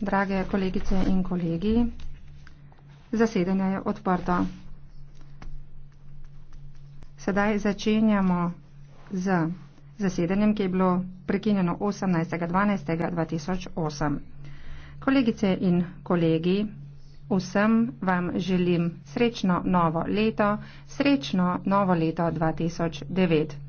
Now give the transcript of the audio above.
Drage kolegice in kolegi, zasedanje je odprto. Sedaj začenjamo z zasedanjem, ki je bilo prekinjeno 18.12.2008. Kolegice in kolegi, vsem vam želim srečno novo leto, srečno novo leto 2009.